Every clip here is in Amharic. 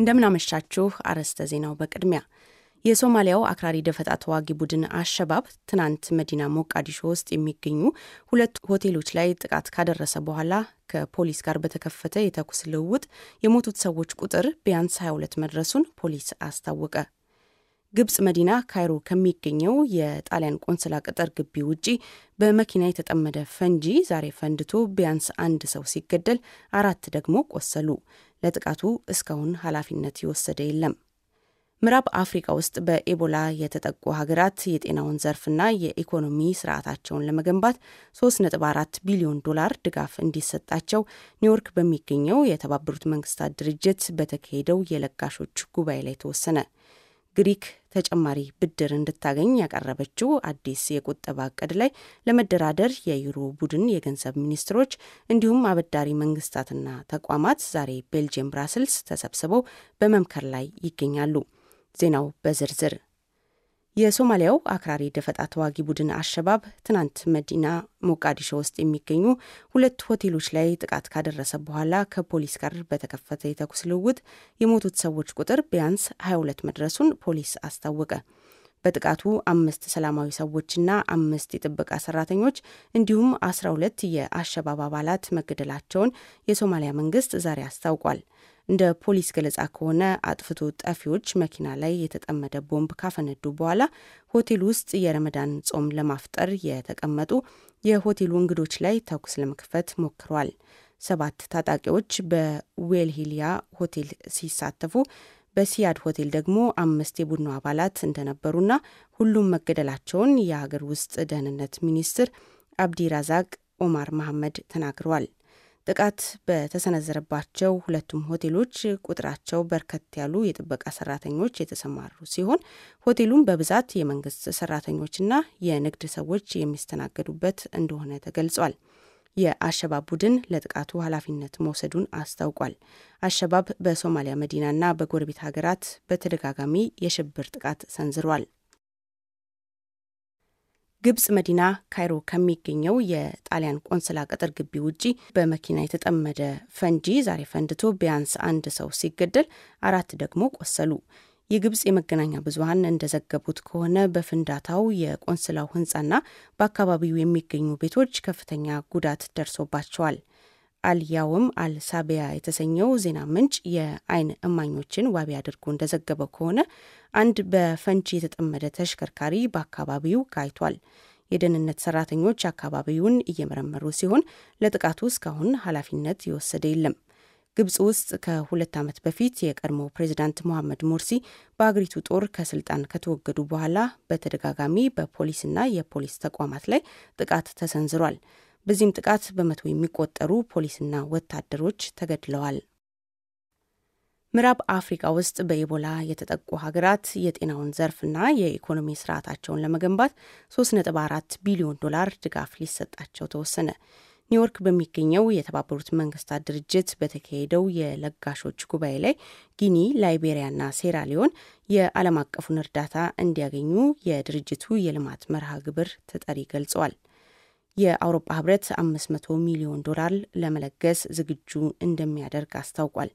እንደምናመሻችሁ አርዕስተ ዜናው በቅድሚያ የሶማሊያው አክራሪ ደፈጣ ተዋጊ ቡድን አሸባብ ትናንት መዲና ሞቃዲሾ ውስጥ የሚገኙ ሁለት ሆቴሎች ላይ ጥቃት ካደረሰ በኋላ ከፖሊስ ጋር በተከፈተ የተኩስ ልውውጥ የሞቱት ሰዎች ቁጥር ቢያንስ 22 መድረሱን ፖሊስ አስታወቀ። ግብጽ መዲና ካይሮ ከሚገኘው የጣሊያን ቆንስላ ቅጥር ግቢ ውጪ በመኪና የተጠመደ ፈንጂ ዛሬ ፈንድቶ ቢያንስ አንድ ሰው ሲገደል አራት ደግሞ ቆሰሉ። ለጥቃቱ እስካሁን ኃላፊነት የወሰደ የለም። ምዕራብ አፍሪካ ውስጥ በኤቦላ የተጠቁ ሀገራት የጤናውን ዘርፍና የኢኮኖሚ ስርዓታቸውን ለመገንባት 3.4 ቢሊዮን ዶላር ድጋፍ እንዲሰጣቸው ኒውዮርክ በሚገኘው የተባበሩት መንግስታት ድርጅት በተካሄደው የለጋሾች ጉባኤ ላይ ተወሰነ። ግሪክ ተጨማሪ ብድር እንድታገኝ ያቀረበችው አዲስ የቁጠባ እቅድ ላይ ለመደራደር የዩሮ ቡድን የገንዘብ ሚኒስትሮች እንዲሁም አበዳሪ መንግስታትና ተቋማት ዛሬ ቤልጅየም ብራስልስ ተሰብስበው በመምከር ላይ ይገኛሉ። ዜናው በዝርዝር የሶማሊያው አክራሪ ደፈጣ ተዋጊ ቡድን አሸባብ ትናንት መዲና ሞቃዲሾ ውስጥ የሚገኙ ሁለት ሆቴሎች ላይ ጥቃት ካደረሰ በኋላ ከፖሊስ ጋር በተከፈተ የተኩስ ልውውጥ የሞቱት ሰዎች ቁጥር ቢያንስ 22 መድረሱን ፖሊስ አስታወቀ። በጥቃቱ አምስት ሰላማዊ ሰዎችና አምስት የጥበቃ ሰራተኞች እንዲሁም 12 የአሸባብ አባላት መገደላቸውን የሶማሊያ መንግስት ዛሬ አስታውቋል። እንደ ፖሊስ ገለጻ ከሆነ አጥፍቶ ጠፊዎች መኪና ላይ የተጠመደ ቦምብ ካፈነዱ በኋላ ሆቴል ውስጥ የረመዳን ጾም ለማፍጠር የተቀመጡ የሆቴሉ እንግዶች ላይ ተኩስ ለመክፈት ሞክረዋል። ሰባት ታጣቂዎች በዌልሂሊያ ሆቴል ሲሳተፉ በሲያድ ሆቴል ደግሞ አምስት የቡድኑ አባላት እንደነበሩና ሁሉም መገደላቸውን የሀገር ውስጥ ደህንነት ሚኒስትር አብዲ ራዛቅ ኦማር መሐመድ ተናግረዋል። ጥቃት በተሰነዘረባቸው ሁለቱም ሆቴሎች ቁጥራቸው በርከት ያሉ የጥበቃ ሰራተኞች የተሰማሩ ሲሆን ሆቴሉም በብዛት የመንግስት ሰራተኞችና የንግድ ሰዎች የሚስተናገዱበት እንደሆነ ተገልጿል። የአሸባብ ቡድን ለጥቃቱ ኃላፊነት መውሰዱን አስታውቋል። አሸባብ በሶማሊያ መዲናና በጎረቤት ሀገራት በተደጋጋሚ የሽብር ጥቃት ሰንዝሯል። ግብጽ መዲና ካይሮ ከሚገኘው የጣሊያን ቆንስላ ቅጥር ግቢ ውጪ በመኪና የተጠመደ ፈንጂ ዛሬ ፈንድቶ ቢያንስ አንድ ሰው ሲገደል አራት ደግሞ ቆሰሉ። የግብጽ የመገናኛ ብዙሀን እንደዘገቡት ከሆነ በፍንዳታው የቆንስላው ሕንፃና በአካባቢው የሚገኙ ቤቶች ከፍተኛ ጉዳት ደርሶባቸዋል። አልያውም አልሳቢያ የተሰኘው ዜና ምንጭ የአይን እማኞችን ዋቢ አድርጎ እንደዘገበው ከሆነ አንድ በፈንጂ የተጠመደ ተሽከርካሪ በአካባቢው ጋይቷል። የደህንነት ሰራተኞች አካባቢውን እየመረመሩ ሲሆን ለጥቃቱ እስካሁን ኃላፊነት የወሰደ የለም። ግብፅ ውስጥ ከሁለት ዓመት በፊት የቀድሞ ፕሬዚዳንት መሐመድ ሞርሲ በአገሪቱ ጦር ከስልጣን ከተወገዱ በኋላ በተደጋጋሚ በፖሊስና የፖሊስ ተቋማት ላይ ጥቃት ተሰንዝሯል። በዚህም ጥቃት በመቶ የሚቆጠሩ ፖሊስና ወታደሮች ተገድለዋል። ምዕራብ አፍሪካ ውስጥ በኢቦላ የተጠቁ ሀገራት የጤናውን ዘርፍና የኢኮኖሚ ስርዓታቸውን ለመገንባት 3.4 ቢሊዮን ዶላር ድጋፍ ሊሰጣቸው ተወሰነ። ኒውዮርክ በሚገኘው የተባበሩት መንግስታት ድርጅት በተካሄደው የለጋሾች ጉባኤ ላይ ጊኒ፣ ላይቤሪያና ሴራሊዮን የዓለም አቀፉን እርዳታ እንዲያገኙ የድርጅቱ የልማት መርሃ ግብር ተጠሪ ገልጸዋል። የአውሮፓ ህብረት 500 ሚሊዮን ዶላር ለመለገስ ዝግጁ እንደሚያደርግ አስታውቋል።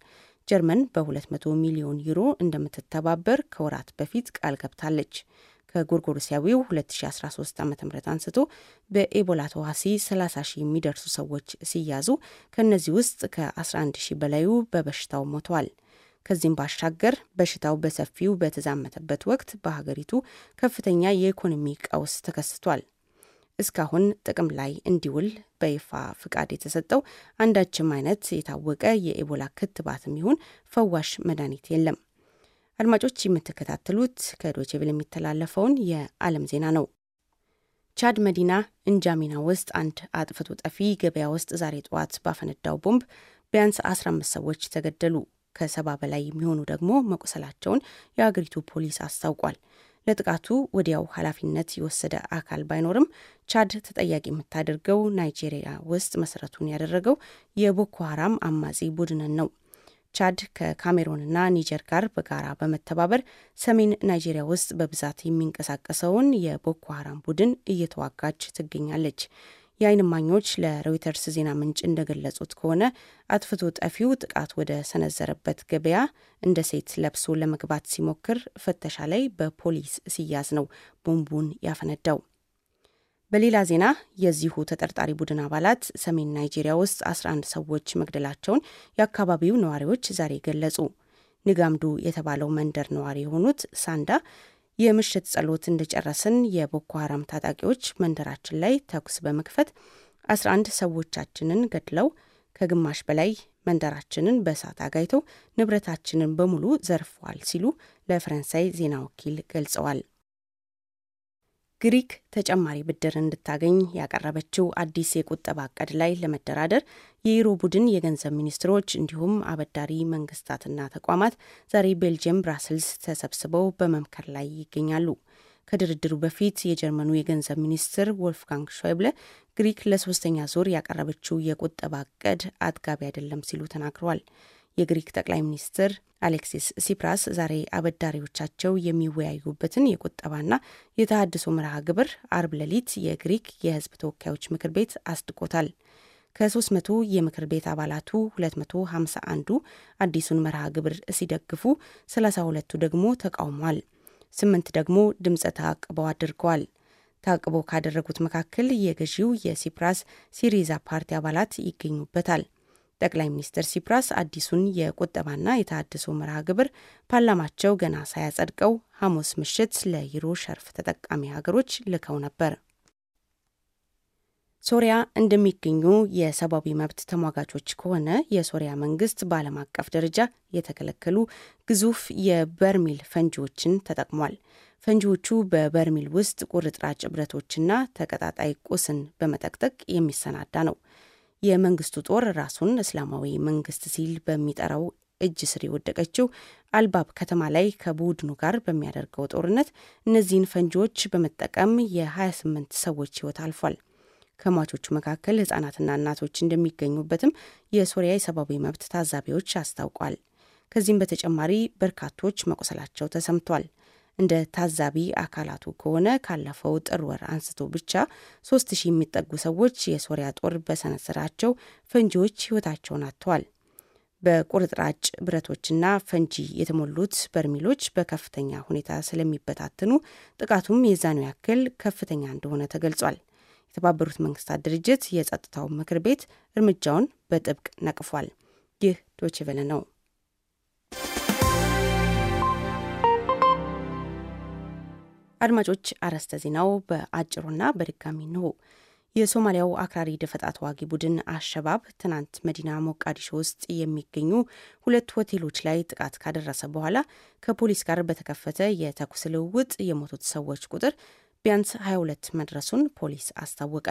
ጀርመን በ200 ሚሊዮን ዩሮ እንደምትተባበር ከወራት በፊት ቃል ገብታለች። ከጎርጎርሲያዊው 2013 ዓ ም አንስቶ በኤቦላ ተዋሲ 30 ሺህ የሚደርሱ ሰዎች ሲያዙ ከእነዚህ ውስጥ ከ11 ሺህ በላዩ በበሽታው ሞተዋል። ከዚህም ባሻገር በሽታው በሰፊው በተዛመተበት ወቅት በሀገሪቱ ከፍተኛ የኢኮኖሚ ቀውስ ተከስቷል። እስካሁን ጥቅም ላይ እንዲውል በይፋ ፍቃድ የተሰጠው አንዳችም አይነት የታወቀ የኢቦላ ክትባትም ይሁን ፈዋሽ መድኃኒት የለም። አድማጮች የምትከታተሉት ከዶቼ የሚተላለፈውን የዓለም ዜና ነው። ቻድ መዲና እንጃሚና ውስጥ አንድ አጥፍቶ ጠፊ ገበያ ውስጥ ዛሬ ጠዋት ባፈነዳው ቦምብ ቢያንስ 15 ሰዎች ተገደሉ፣ ከሰባ በላይ የሚሆኑ ደግሞ መቁሰላቸውን የአገሪቱ ፖሊስ አስታውቋል። ለጥቃቱ ወዲያው ኃላፊነት የወሰደ አካል ባይኖርም ቻድ ተጠያቂ የምታደርገው ናይጄሪያ ውስጥ መሰረቱን ያደረገው የቦኮ ሀራም አማጺ ቡድንን ነው። ቻድ ከካሜሩንና ኒጀር ጋር በጋራ በመተባበር ሰሜን ናይጄሪያ ውስጥ በብዛት የሚንቀሳቀሰውን የቦኮ ሀራም ቡድን እየተዋጋች ትገኛለች። የዓይን ማኞች ለሮይተርስ ዜና ምንጭ እንደገለጹት ከሆነ አጥፍቶ ጠፊው ጥቃት ወደ ሰነዘረበት ገበያ እንደ ሴት ለብሶ ለመግባት ሲሞክር ፍተሻ ላይ በፖሊስ ሲያዝ ነው ቦምቡን ያፈነዳው። በሌላ ዜና የዚሁ ተጠርጣሪ ቡድን አባላት ሰሜን ናይጄሪያ ውስጥ 11 ሰዎች መግደላቸውን የአካባቢው ነዋሪዎች ዛሬ ገለጹ። ንጋምዱ የተባለው መንደር ነዋሪ የሆኑት ሳንዳ የምሽት ጸሎት እንደጨረስን የቦኮ ሀራም ታጣቂዎች መንደራችን ላይ ተኩስ በመክፈት 11 ሰዎቻችንን ገድለው ከግማሽ በላይ መንደራችንን በእሳት አጋይተው ንብረታችንን በሙሉ ዘርፈዋል ሲሉ ለፈረንሳይ ዜና ወኪል ገልጸዋል። ግሪክ ተጨማሪ ብድር እንድታገኝ ያቀረበችው አዲስ የቁጠባ እቅድ ላይ ለመደራደር የዩሮ ቡድን የገንዘብ ሚኒስትሮች እንዲሁም አበዳሪ መንግስታትና ተቋማት ዛሬ ቤልጅየም ብራስልስ ተሰብስበው በመምከር ላይ ይገኛሉ። ከድርድሩ በፊት የጀርመኑ የገንዘብ ሚኒስትር ወልፍጋንግ ሾይብለ ግሪክ ለሶስተኛ ዙር ያቀረበችው የቁጠባ እቅድ አጥጋቢ አይደለም ሲሉ ተናግረዋል። የግሪክ ጠቅላይ ሚኒስትር አሌክሲስ ሲፕራስ ዛሬ አበዳሪዎቻቸው የሚወያዩበትን የቁጠባና የተሃድሶ መርሃ ግብር አርብ ሌሊት የግሪክ የህዝብ ተወካዮች ምክር ቤት አስድቆታል ከ ከ300 የምክር ቤት አባላቱ 251ዱ አዲሱን መርሃ ግብር ሲደግፉ፣ 32ቱ ደግሞ ተቃውሟል። ስምንት ደግሞ ድምፀ ተአቅበው አድርገዋል። ታቅቦ ካደረጉት መካከል የገዢው የሲፕራስ ሲሪዛ ፓርቲ አባላት ይገኙበታል። ጠቅላይ ሚኒስትር ሲፕራስ አዲሱን የቁጠባና የተሃድሶ መርሃ ግብር ፓርላማቸው ገና ሳያጸድቀው ሐሙስ ምሽት ለዩሮ ሸርፍ ተጠቃሚ ሀገሮች ልከው ነበር። ሶሪያ እንደሚገኙ የሰብአዊ መብት ተሟጋቾች ከሆነ የሶሪያ መንግስት በዓለም አቀፍ ደረጃ የተከለከሉ ግዙፍ የበርሚል ፈንጂዎችን ተጠቅሟል። ፈንጂዎቹ በበርሚል ውስጥ ቁርጥራጭ ብረቶችና ተቀጣጣይ ቁስን በመጠቅጠቅ የሚሰናዳ ነው። የመንግስቱ ጦር ራሱን እስላማዊ መንግስት ሲል በሚጠራው እጅ ስር የወደቀችው አልባብ ከተማ ላይ ከቡድኑ ጋር በሚያደርገው ጦርነት እነዚህን ፈንጂዎች በመጠቀም የ28 ሰዎች ህይወት አልፏል። ከሟቾቹ መካከል ህጻናትና እናቶች እንደሚገኙበትም የሶሪያ የሰብአዊ መብት ታዛቢዎች አስታውቋል። ከዚህም በተጨማሪ በርካቶች መቆሰላቸው ተሰምቷል። እንደ ታዛቢ አካላቱ ከሆነ ካለፈው ጥር ወር አንስቶ ብቻ ሶስት ሺህ የሚጠጉ ሰዎች የሶሪያ ጦር በሰነዘራቸው ፈንጂዎች ህይወታቸውን አጥተዋል። በቁርጥራጭ ብረቶችና ፈንጂ የተሞሉት በርሜሎች በከፍተኛ ሁኔታ ስለሚበታትኑ ጥቃቱም የዛኑ ያክል ከፍተኛ እንደሆነ ተገልጿል። የተባበሩት መንግስታት ድርጅት የጸጥታው ምክር ቤት እርምጃውን በጥብቅ ነቅፏል። ይህ ዶችቨለ ነው። አድማጮች አርዕስተ ዜናው በአጭሩና በድጋሚ ነው። የሶማሊያው አክራሪ ደፈጣ ተዋጊ ቡድን አሸባብ ትናንት መዲና ሞቃዲሾ ውስጥ የሚገኙ ሁለት ሆቴሎች ላይ ጥቃት ካደረሰ በኋላ ከፖሊስ ጋር በተከፈተ የተኩስ ልውውጥ የሞቱት ሰዎች ቁጥር ቢያንስ 22 መድረሱን ፖሊስ አስታወቀ።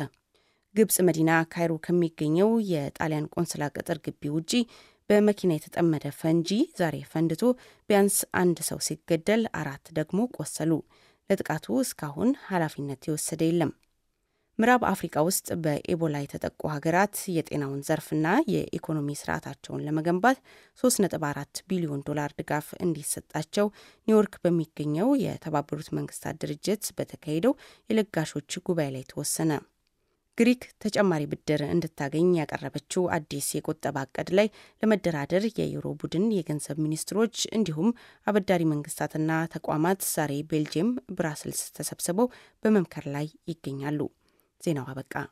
ግብፅ መዲና ካይሮ ከሚገኘው የጣሊያን ቆንስላ ቅጥር ግቢ ውጪ በመኪና የተጠመደ ፈንጂ ዛሬ ፈንድቶ ቢያንስ አንድ ሰው ሲገደል አራት ደግሞ ቆሰሉ። ለጥቃቱ እስካሁን ኃላፊነት የወሰደ የለም። ምዕራብ አፍሪካ ውስጥ በኤቦላ የተጠቁ ሀገራት የጤናውን ዘርፍና የኢኮኖሚ ስርዓታቸውን ለመገንባት 3.4 ቢሊዮን ዶላር ድጋፍ እንዲሰጣቸው ኒውዮርክ በሚገኘው የተባበሩት መንግስታት ድርጅት በተካሄደው የለጋሾች ጉባኤ ላይ ተወሰነ። ግሪክ ተጨማሪ ብድር እንድታገኝ ያቀረበችው አዲስ የቁጠባ እቅድ ላይ ለመደራደር የዩሮ ቡድን የገንዘብ ሚኒስትሮች እንዲሁም አበዳሪ መንግስታትና ተቋማት ዛሬ ቤልጅየም ብራስልስ ተሰብስበው በመምከር ላይ ይገኛሉ። ዜናው አበቃ።